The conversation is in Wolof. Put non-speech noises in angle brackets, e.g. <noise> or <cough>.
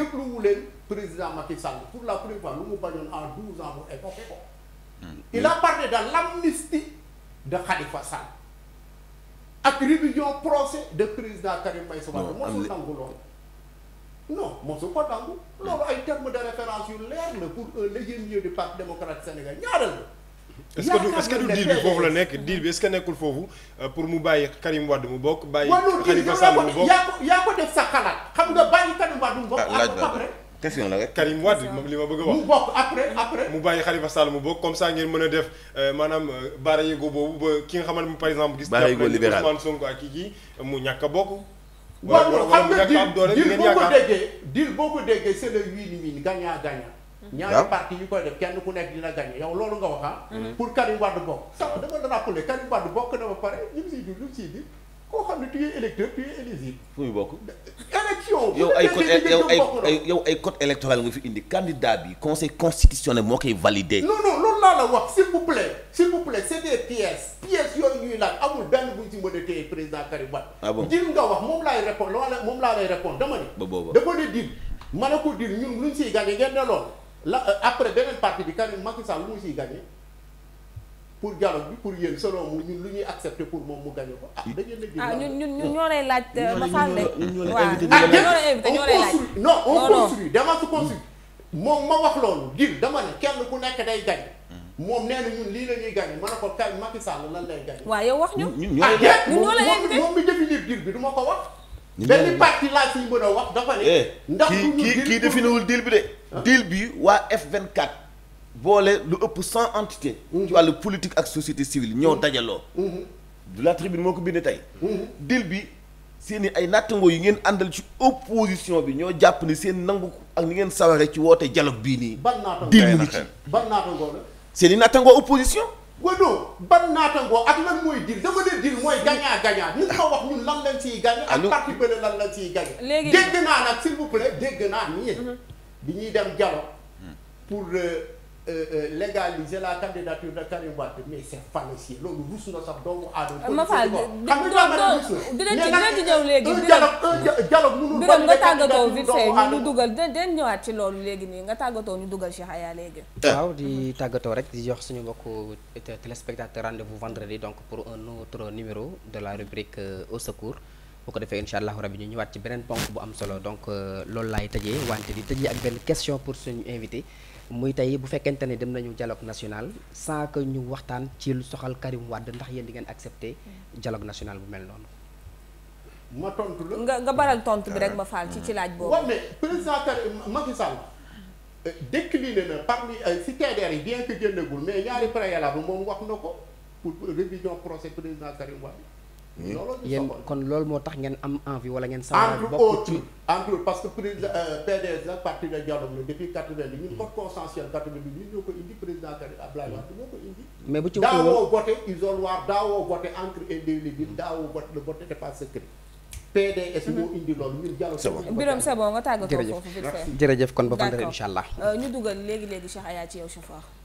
dégluwu leen président Macky Sall pour la première fois lu mu bañoon en douze ans mu évoqué ko hmm. il a parlé de l'amnistie de Khalifa Sall ak révision procès de président Karim Meïssa Wade mosul nangu loolu non mosu ko nangu loolu ay termes de référence yu leer na pour un légitime du parti démocrate sénégal ñaareel la est ce que du est bi foofu la nekk diil bi est ce nekkul foofu euh, pour mu bàyyi Karim Wade mu bokk bàyyi Khalifa Sall mu bokk yaa ko yaa def sa xalaat xam nga bàyyi Karim Wade mu bokk. Ah, laaj la a wax. mu bokk après après. mu bàyyi Khalifa Sall mu bokk a def euh, maanaam euh, baara yego boobu ba ki nga xamante ne par exemple. gis nga Ousmane Sonko ak kii kii mu ñàkk a a am doole ngeen boo ko déggee c'est le win-win gagnant-gagnant. ñaari parti kenn ku nekk dina gagné yow loolu nga wax ah. Mm-hmm. pour Karim Wade bokk. ça dama rappelé Karim Wade bokk na ba pare ñu ngi siy dund ñu koo xam ne tu es électeur tu fu muy bokk. question. yow ay code <laughs> yow ay yow ay code électoral nga fi indi candidat bi conseil constitutionnel moo koy validé. non non loolu laa la wax s'il vous plaît. s'il vous plaît c'est des pièces. pièces amul benn buñ ci mën a président Karim Wade. Ah nga wax moom laay répondre loola moom laa lay répondre dama ni. ba booba dama ne dir mën a ko dir ñun luñ siy gagné ngeen ne lool la euh, après beneen parti bi Karim Macky Sall lu mu siy gagné. pour dialogue bi pour yéen selon mu ñun lu ñuy accepté pour moom mu gagné ko ah. da ngeen di ah ñun ñun ñoo lay laaj. Mafalda ñoo euh, lay ah, invité ñoo lay laaj non on construit dama su construit moom ma wax loolu dil dama ne kenn ku nekk day gagné. Hmm. moom nee na ñun lii la ñuy gagné ma ne ko kay Macky Sall lan lay gagné. waaw yow wax ñu. ñun ah, ñoo lay invité moom mi définir dil bi du ma ko wax. benn parti laa siy mën a wax dafa ne. Eh, ndax kii kii définirul dil bi de. Ah. dil bi waa F24. boole lu ëpp cent entités. ci wàll politique ak société civile ñoo mm-hmm. dajaloo. du mm-hmm. la tribune moo ko bind tey. Mm-hmm. dil bi seen i ay nattangoo yi ngeen àndal ci opposition bi ñoo jàpp ni seen nangu ak ni ngeen sawaree ci woote dialogue bii nii. ban naatangoo dil mu ngi ci ban seen i nattangoo opposition. wano ban naatangoo ak lan mooy dil dama ne dil mooy gagnant gagnant ñu ko wax ñun lan lañ ciy gagne ak parti bële lan lañ ciy gagne dégg naa nag s'il vous plaît dégg naa nii bi ñuy dem dialogue mm. pour euh, Euh, euh, légaliser la candidature de Karim Wade mais c'est fallacieux loolu rus na sax doomu aadama. Euh, ma faal dinañ ci dinañ ci léegi. un dialogue un dialogue mënul ñëwaat ci loolu léegi nii nga tàggatoo ñu dugal Cheikh Aya léegi. Ah. waaw di tàggatoo rek di jox suñu mbokku téléspectateur rendez-vous vendredi donc pour un autre numéro de la rubrique au secours. bu ko defee incha allahu rabi ñu ñëwaat ci beneen ponk bu am solo donc euh, loolu laay tëjee wante di tëjee ak benn question pour suñu invité muy tey bu fekkente ne dem nañu dialogue national sans que ñu waxtaan ci lu soxal Karim Wade ndax yéen di ngeen accepté dialogue national bu mel noonu. ma tontu la nga nga baral tontu bi rek ma faal ci ci laaj boobu. waaw mais président Macky Sall euh, décliné na parmi euh, si TDR yi bien que génnagul mais ñaari préalable moom wax na ko pour révision procès président Karim Wade. yéen kon loolu moo tax ngeen am envie wala ngeen. sàmm bokk ci entre autres parce que président euh, PDS la parti de dialogue la depuis quatre-vingt ñun code consensuel quatre-vingt ñun ñoo ko indi président Karim Abdoulaye Wade ñoo ko indi. mais bu ci waxee daawoo voté isoloir daawoo voté encre indélébile daawoo voté le vote n'est pas secret. PDS moo mm-hmm. indi loolu ñun dialogue. Birame c'est bon nga tàggatoo foofu. jërëjëf jërëjëf kon ba fan. incha allah euh, ñu dugal léegi léegi Cheikh Aya ci yow chauffeur.